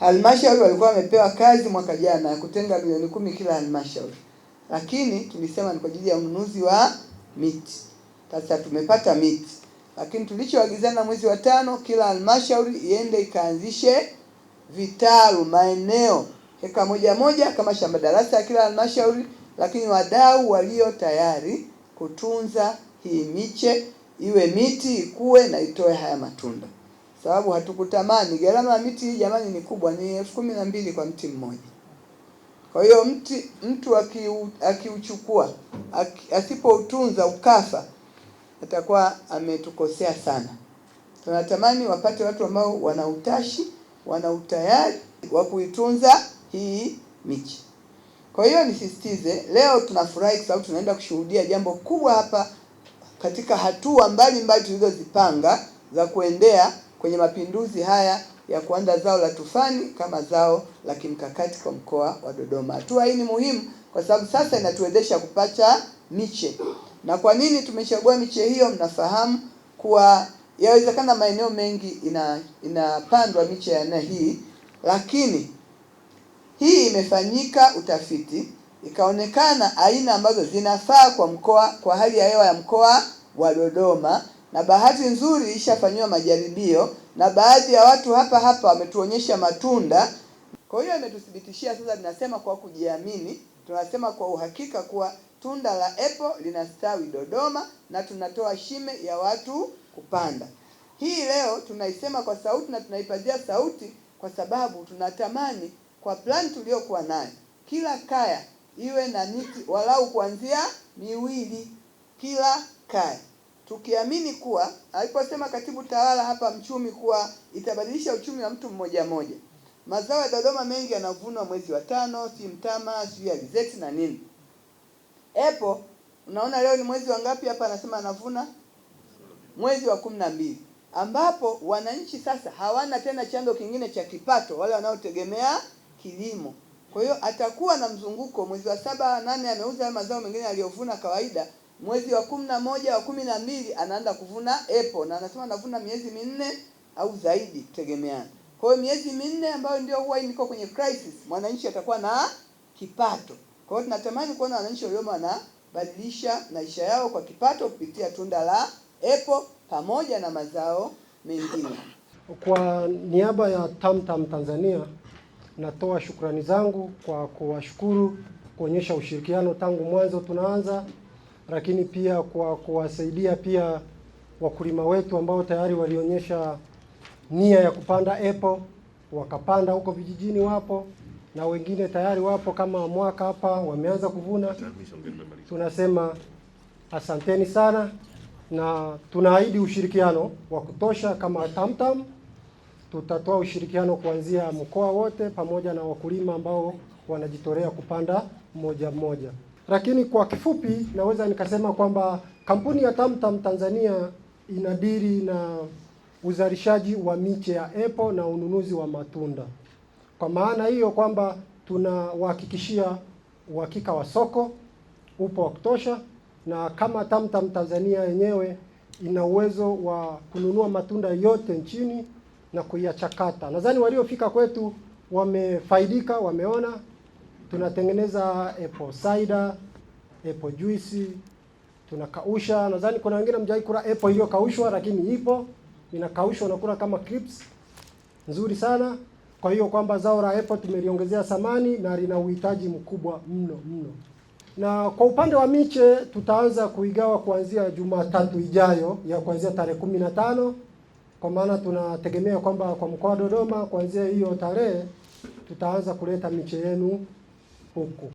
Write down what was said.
Halmashauri walikuwa wamepewa kazi mwaka jana ya kutenga milioni kumi kila halmashauri, lakini tulisema ni kwa ajili ya ununuzi wa miti. Sasa tumepata miti, lakini tulichoagizana mwezi wa tano, kila halmashauri iende ikaanzishe vitalu maeneo heka moja moja kama shamba darasa ya kila halmashauri, lakini wadau walio tayari kutunza hii miche iwe miti ikue na itoe haya matunda sababu hatukutamani. Gharama ya miti hii jamani ni kubwa, ni elfu kumi na mbili kwa mti mmoja. Kwa hiyo mti mtu akiuchukua aki asipoutunza ukafa, atakuwa ametukosea sana. Tunatamani wapate watu ambao wana utashi, wana utayari wa kuitunza hii miti. Kwa hiyo nisisitize, leo tunafurahi kwa sababu tunaenda kushuhudia jambo kubwa hapa katika hatua mbalimbali tulizozipanga za kuendea kwenye mapinduzi haya ya kuanza zao la tufani kama zao la kimkakati kwa mkoa wa Dodoma. Hatua hii ni muhimu kwa sababu sasa inatuwezesha kupata miche. Na kwa nini tumechagua miche hiyo? Mnafahamu kuwa yawezekana maeneo mengi ina inapandwa miche ya aina hii, lakini hii imefanyika utafiti, ikaonekana aina ambazo zinafaa kwa mkoa, kwa hali ya hewa ya mkoa wa Dodoma na bahati nzuri ilishafanyiwa majaribio na baadhi ya watu hapa hapa wametuonyesha matunda. Kwa hiyo imetuthibitishia sasa, tunasema kwa kujiamini, tunasema kwa uhakika kuwa tunda la apple linastawi Dodoma, na tunatoa shime ya watu kupanda. Hii leo tunaisema kwa sauti na tunaipatia sauti kwa sababu tunatamani kwa plan tuliyokuwa nayo, kila kaya iwe na miti walau kuanzia miwili, kila kaya tukiamini kuwa aliposema katibu tawala hapa mchumi kuwa itabadilisha uchumi wa mtu mmoja mmoja. Mazao ya Dodoma mengi yanavunwa mwezi wa tano, si mtama, si alizeti na nini. Apple unaona leo ni mwezi wa ngapi hapa? Anasema anavuna mwezi wa kumi na mbili, ambapo wananchi sasa hawana tena chanzo kingine cha kipato, wale wanaotegemea kilimo. Kwa hiyo atakuwa na mzunguko, mwezi wa saba nane ameuza mazao mengine aliyovuna kawaida mwezi wa kumi na moja wa kumi na mbili anaanza kuvuna apple, na anasema anavuna miezi minne au zaidi kutegemeana. Kwa hiyo miezi minne ambayo ndio huwa niko kwenye crisis, mwananchi atakuwa na kipato. Kwa hiyo tunatamani kuona wananchi wa wanabadilisha maisha yao kwa kipato kupitia tunda la epo pamoja na mazao mengine. Kwa niaba ya Tamtam Tanzania natoa shukrani zangu kwa kuwashukuru kuonyesha ushirikiano tangu mwanzo tunaanza lakini pia kwa kuwasaidia pia wakulima wetu ambao tayari walionyesha nia ya kupanda epo wakapanda huko vijijini, wapo na wengine tayari wapo kama mwaka hapa wameanza kuvuna. Tunasema asanteni sana, na tunaahidi ushirikiano wa kutosha kama TamTam. Tutatoa ushirikiano kuanzia mkoa wote pamoja na wakulima ambao wanajitolea kupanda mmoja mmoja. Lakini kwa kifupi naweza nikasema kwamba kampuni ya Tamtam Tanzania inadiri na uzalishaji wa miche ya apple na ununuzi wa matunda. Kwa maana hiyo kwamba tunawahakikishia uhakika wa soko upo wa kutosha, na kama Tamtam Tanzania yenyewe ina uwezo wa kununua matunda yote nchini na kuyachakata. Nadhani waliofika kwetu wamefaidika, wameona tunatengeneza apple cider, apple juice, tunakausha. Nadhani kuna wengine mjawahi kula apple iliyokaushwa, lakini ipo inakaushwa, unakula kama crisps nzuri sana. Kwa hiyo kwamba zao la apple tumeliongezea thamani na lina uhitaji mkubwa mno mno. Na kwa upande wa miche tutaanza kuigawa kuanzia Jumatatu ijayo ya kuanzia tarehe kumi na tano kwa maana tunategemea kwamba kwa mkoa wa Dodoma kuanzia hiyo tarehe tutaanza kuleta miche yenu poco.